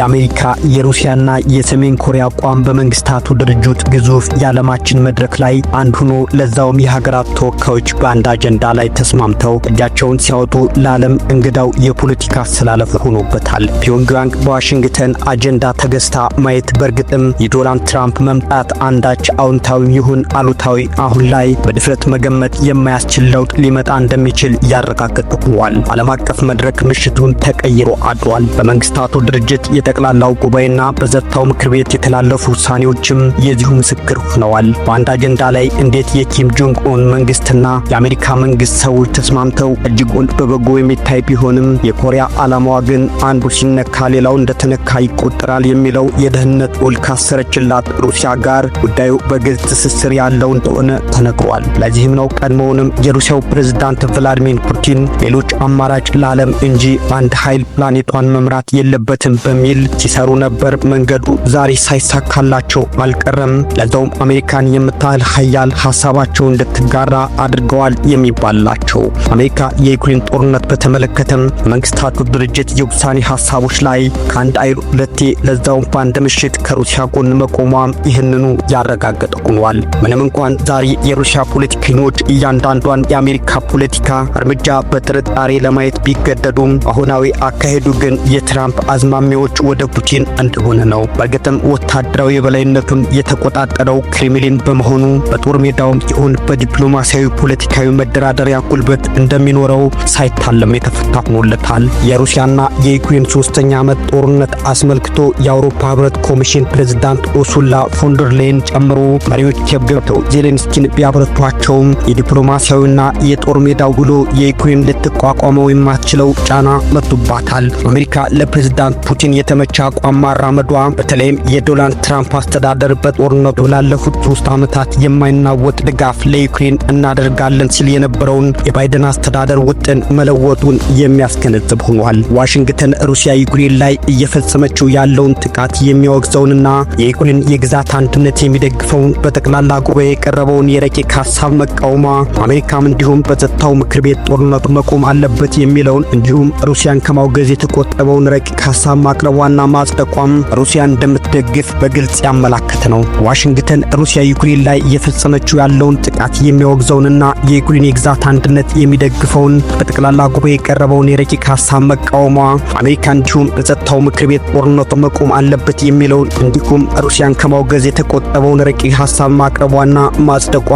የአሜሪካ የሩሲያና የሰሜን ኮሪያ አቋም በመንግስታቱ ድርጅት ግዙፍ የዓለማችን መድረክ ላይ አንድ ሆኖ ለዛውም የሀገራት ተወካዮች በአንድ አጀንዳ ላይ ተስማምተው እጃቸውን ሲያወጡ ለዓለም እንግዳው የፖለቲካ አስተላለፍ ሆኖበታል። ፒዮንግያንግ በዋሽንግተን አጀንዳ ተገዝታ ማየት በእርግጥም የዶናልድ ትራምፕ መምጣት አንዳች አውንታዊ ይሁን አሉታዊ አሁን ላይ በድፍረት መገመት የማያስችል ለውጥ ሊመጣ እንደሚችል ያረጋግጥ ብሏል። ዓለም አቀፍ መድረክ ምሽቱን ተቀይሮ አድሯል። በመንግስታቱ ድርጅት የ ጠቅላላው ጉባኤና በጸጥታው ምክር ቤት የተላለፉ ውሳኔዎችም የዚሁ ምስክር ሆነዋል። በአንድ አጀንዳ ላይ እንዴት የኪም ጆንግ ኡን መንግስትና የአሜሪካ መንግስት ሰዎች ተስማምተው እጅጉን በበጎ የሚታይ ቢሆንም የኮሪያ ዓላማዋ ግን አንዱ ሲነካ ሌላው እንደተነካ ይቆጠራል የሚለው የደህንነት ውል ካሰረችላት ሩሲያ ጋር ጉዳዩ በግልጽ ትስስር ያለው እንደሆነ ተነግሯል። ለዚህም ነው ቀድሞውንም የሩሲያው ፕሬዝዳንት ቭላዲሚር ፑቲን ሌሎች አማራጭ ለዓለም እንጂ አንድ ኃይል ፕላኔቷን መምራት የለበትም በሚል በሚል ሲሰሩ ነበር። መንገዱ ዛሬ ሳይሳካላቸው አልቀረም። ለዛውም አሜሪካን የምታህል ሀያል ሀሳባቸው እንድትጋራ አድርገዋል የሚባልላቸው። አሜሪካ የዩክሬን ጦርነት በተመለከተም መንግስታቱ ድርጅት የውሳኔ ሀሳቦች ላይ ከአንድ አይሩ ሁለቴ ለዛውም በአንድ ምሽት ከሩሲያ ጎን መቆሟም ይህንኑ ያረጋገጠ ሆኗል። ምንም እንኳን ዛሬ የሩሲያ ፖለቲከኞች እያንዳንዷን የአሜሪካ ፖለቲካ እርምጃ በጥርጣሬ ለማየት ቢገደዱም አሁናዊ አካሄዱ ግን የትራምፕ አዝማሚዎች ወደ ፑቲን እንደሆነ ነው። በእርግጥም ወታደራዊ የበላይነቱን የተቆጣጠረው ክሬምሊን በመሆኑ በጦር ሜዳውም ይሁን በዲፕሎማሲያዊ ፖለቲካዊ መደራደሪያ ጉልበት እንደሚኖረው ሳይታለም የተፈታ ሆኖለታል። የሩሲያና የዩክሬን ሶስተኛ ዓመት ጦርነት አስመልክቶ የአውሮፓ ህብረት ኮሚሽን ፕሬዝዳንት ኡርሱላ ፎንደር ጨምሮ መሪዎች ገብተው ዜሌንስኪን ቢያበረቷቸውም የዲፕሎማሲያዊና የጦር ሜዳው ውሎ የዩክሬን ልትቋቋመው የማትችለው ጫና መጥቶባታል። አሜሪካ ለፕሬዝዳንት ፑቲን የተ የተመቸ አቋም ማራመዷ በተለይም የዶናልድ ትራምፕ አስተዳደር በጦርነቱ ላለፉት ሶስት ዓመታት የማይናወጥ ድጋፍ ለዩክሬን እናደርጋለን ሲል የነበረውን የባይደን አስተዳደር ውጥን መለወጡን የሚያስገነዝብ ሆኗል። ዋሽንግተን ሩሲያ ዩክሬን ላይ እየፈጸመችው ያለውን ጥቃት የሚያወግዘውንና የዩክሬን የግዛት አንድነት የሚደግፈውን በጠቅላላ ጉባኤ የቀረበውን የረቂቅ ሀሳብ መቃወሟ፣ አሜሪካም እንዲሁም በጸጥታው ምክር ቤት ጦርነቱ መቆም አለበት የሚለውን እንዲሁም ሩሲያን ከማውገዝ የተቆጠበውን ረቂቅ ሀሳብ ማቅረቧ ዋና ማጽደቋም ሩሲያን እንደምትደግፍ በግልጽ ያመላከተ ነው። ዋሽንግተን ሩሲያ ዩክሬን ላይ እየፈጸመችው ያለውን ጥቃት የሚያወግዘውንና የዩክሬን የግዛት አንድነት የሚደግፈውን በጠቅላላ ጉባኤ የቀረበውን የረቂቅ ሀሳብ መቃወሟ፣ አሜሪካ እንዲሁም በጸጥታው ምክር ቤት ጦርነቱ መቆም አለበት የሚለውን እንዲሁም ሩሲያን ከማውገዝ የተቆጠበውን ረቂቅ ሀሳብ ማቅረቧና ማጽደቋ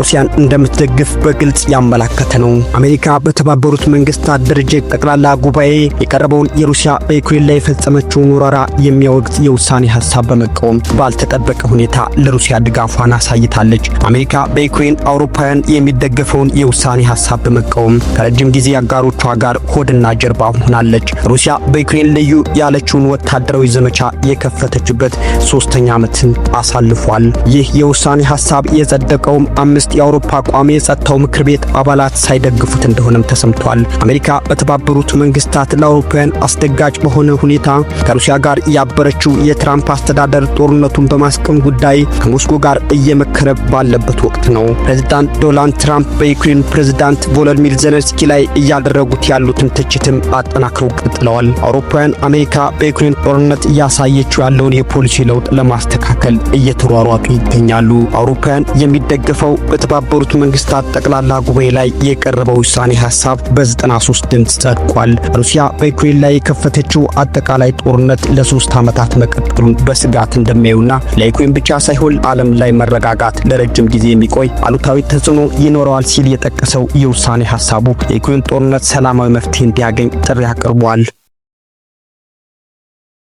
ሩሲያን እንደምትደግፍ በግልጽ ያመላከተ ነው። አሜሪካ በተባበሩት መንግስታት ድርጅት ጠቅላላ ጉባኤ የቀረበውን የሩሲያ በዩክሬን ላይ የፈጸመ የፈጸመችውን ወረራ የሚያወግዝ የውሳኔ ሀሳብ በመቃወም ባልተጠበቀ ሁኔታ ለሩሲያ ድጋፏን አሳይታለች። አሜሪካ በዩክሬን አውሮፓውያን የሚደገፈውን የውሳኔ ሀሳብ በመቃወም ከረጅም ጊዜ አጋሮቿ ጋር ሆድና ጀርባ ሆናለች። ሩሲያ በዩክሬን ልዩ ያለችውን ወታደራዊ ዘመቻ የከፈተችበት ሶስተኛ ዓመትን አሳልፏል። ይህ የውሳኔ ሀሳብ የጸደቀውም አምስት የአውሮፓ ቋሚ የጸጥታው ምክር ቤት አባላት ሳይደግፉት እንደሆነም ተሰምቷል። አሜሪካ በተባበሩት መንግስታት ለአውሮፓውያን አስደጋጭ በሆነ ሁኔታ ከሩሲያ ጋር ያበረችው የትራምፕ አስተዳደር ጦርነቱን በማስቀም ጉዳይ ከሞስኮ ጋር እየመከረ ባለበት ወቅት ነው። ፕሬዝዳንት ዶናልድ ትራምፕ በዩክሬን ፕሬዝዳንት ቮሎዲሚር ዘለንስኪ ላይ እያደረጉት ያሉትን ትችትም አጠናክረው ቀጥለዋል። አውሮፓውያን አሜሪካ በዩክሬን ጦርነት እያሳየችው ያለውን የፖሊሲ ለውጥ ለማስተካከል እየተሯሯጡ ይገኛሉ። አውሮፓውያን የሚደገፈው በተባበሩት መንግስታት ጠቅላላ ጉባኤ ላይ የቀረበው ውሳኔ ሀሳብ በ93 ድምፅ ጸድቋል። ሩሲያ በዩክሬን ላይ የከፈተችው አጠቃላይ ጦርነት ለሶስት ዓመታት መቀጠሉን በስጋት እንደሚያዩና ለዩክሬን ብቻ ሳይሆን ዓለም ላይ መረጋጋት ለረጅም ጊዜ የሚቆይ አሉታዊ ተጽዕኖ ይኖረዋል ሲል የጠቀሰው የውሳኔ ሀሳቡ የዩክሬን ጦርነት ሰላማዊ መፍትሄ እንዲያገኝ ጥሪ አቅርቧል።